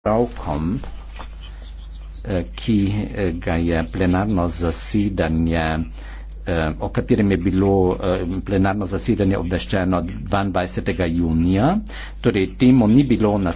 pravkom, eh, ki eh, ga je plenarno zasedanje eh, o katerem je bilo plenarno zasedanje obveščeno 22. junija, torej temu ni bilo na